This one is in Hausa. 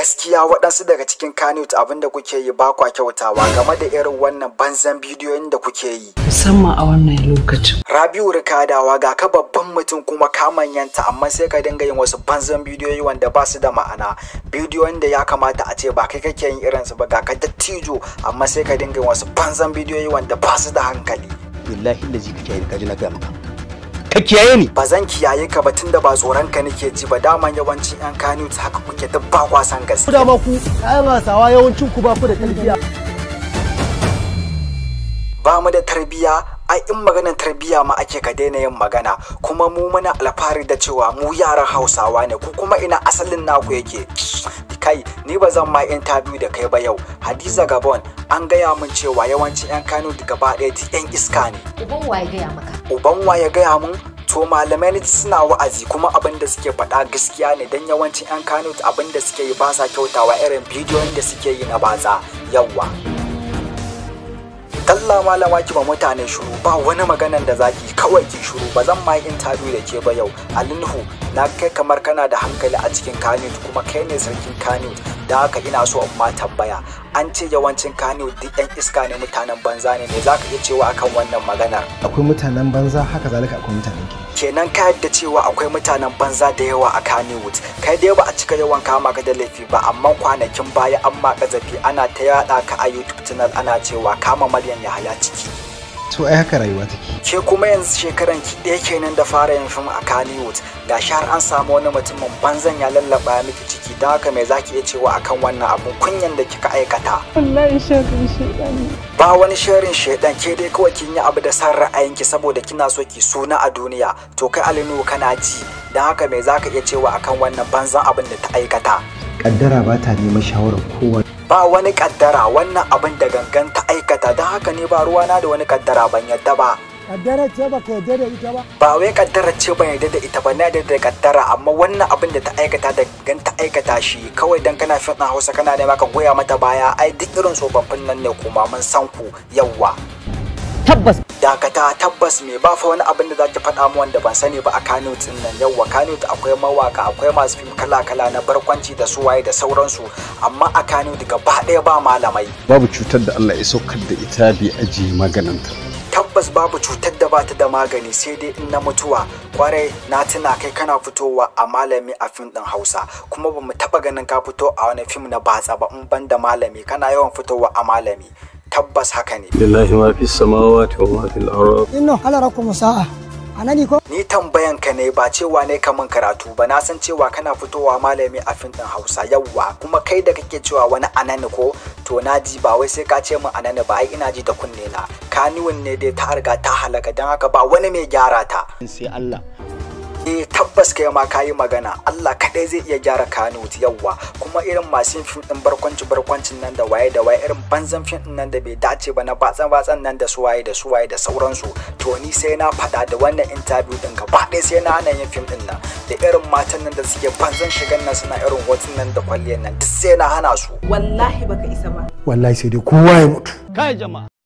gaskiya waɗansu daga cikin kanut abinda kuke yi ba kwa kyautawa game da irin wannan banzan bidiyoyin da kuke yi musamman a wannan lokacin rabiu rikadawa ga ka babban mutum kuma ka manyanta amma sai ka dinga yin wasu banzan bidiyoyi wanda ba su da ma'ana bidiyoyin da ya kamata a ce ba kai kake yin su ba ga ka dattijo amma sai ka dinga yin wasu banzan bidiyoyi wanda ba su da hankali billahi da ka ji na ka kiyaye ni ba zan kiyaye ka ba tunda ba tsoron ka nake ji ba dama yawancin yan kanu haka kuke duk ba kwasan gaske da dama ku ai masawa yawancin ku ba ku da tarbiyya ba mu da tarbiyya ai in maganar tarbiyya ma ake ka daina yin magana kuma mu muna alfahari da cewa mu yaran hausawa ne ku kuma ina asalin naku yake kai ni ba zan ma interview da kai ba yau hadiza gabon an gaya min cewa yawancin yan kano gaba ɗaya duk yan iska ne uban ya gaya maka uban ya gaya mun? to malamai suna wa'azi kuma abin da suke faɗa gaskiya ne dan yawancin yan kano abin da suke yi ba sa kyautawa irin bidiyon da suke yi na baza yawwa talla malama ki ba mutane shuru ba wani maganan da zaki kawai ki shuru ba zan ma interview da ke ba yau alinhu na kai kamar kana da hankali a cikin kanut kuma kai ne sarkin kanut da haka ina so amma tambaya an ce yawancin kanut duk yan iska ne mutanen banza ne me zaka iya cewa akan wannan maganar akwai mutanen banza haka zalika akwai mutanen kirki kenan ka yadda cewa akwai mutanen banza da yawa a Kannywood kai dai ba a cika yawan kama ka da laifi ba amma kwanakin baya an ma zafi ana ta yada ka a YouTube channel ana cewa kama Maryam Yahaya ciki to ai haka rayuwa take ke kuma yanzu shekaran ki ɗaya kenan da fara yin fim a Kannywood gashi har an samu wani mutumin banzan ya lallaba miki ciki don haka me zaki iya cewa akan wannan abun kunyan da kika aikata wallahi sharrin shedan ba wani sharin shedan ke dai kawai kin yi abu da san ra'ayin ki saboda kina so ki suna a duniya to kai Alinu kana ji don haka me zaka iya cewa akan wannan banzan abin da ta aikata kaddara ba ta neman shawarar kowa ba wani kaddara wannan abin da gangan ta aikata don haka ne ba ruwana da wani kaddara ban yadda ba kaddara ce ba ka yadda da ita ba ba wai kaddara ce ban yadda da ita ba na yadda da kaddara amma wannan abin da ta aikata da gangan ta aikata shi kawai dan kana fiɗa hausa kana da ka goya mata baya ai duk irin tsofaffin nan ne kuma mun san ku yawwa tabbas dakata tabbas me ba fa wani abin da zaki faɗa mu wanda ban sani ba a Kano din nan wa Kano akwai mawaka akwai masu fim kala kala na barkwanci da suwaye da sauransu amma a Kano gaba ɗaya ba malamai babu cutar da Allah ya saukar da ita bi aji ta. tabbas babu cutar da bata da magani sai dai in na mutuwa kwarai na tuna kai kana fitowa a malami a fim din hausa kuma ba mu taba ganin ka fito a wani fim na batsa ba in banda malami kana yawan fitowa a malami tabbas haka ne lillahi ma fi samawati wa ma fil ardh inna halarakum sa'a anani ko ni tambayan ka ne ba cewa ne kaman karatu ba na san cewa kana fitowa malami a ɗin Hausa yawwa kuma kai da kake cewa wani anani ko to na ji ba wai sai ka ce min anani ba ai ina ji da kunne na kaniwun ne dai ta riga ta halaka dan haka ba wani mai gyara ta sai Allah E tabbas kai ma kayi magana Allah kadai zai iya gyara Kanut yawa kuma irin masu fim din barkwanci barkwancin nan da waye da waye irin banzan fim din nan da bai dace ba na batsan batsan nan da su waye da su waye da sauransu to ni sai na faɗa da wannan interview din gaba ɗaya sai na hana yin fim din nan da irin matan nan da suke banzan shigan nan suna irin hotun nan da kwalliyar nan duk sai na hana su wallahi baka isa ba wallahi sai dai kowa ya mutu kai jama'a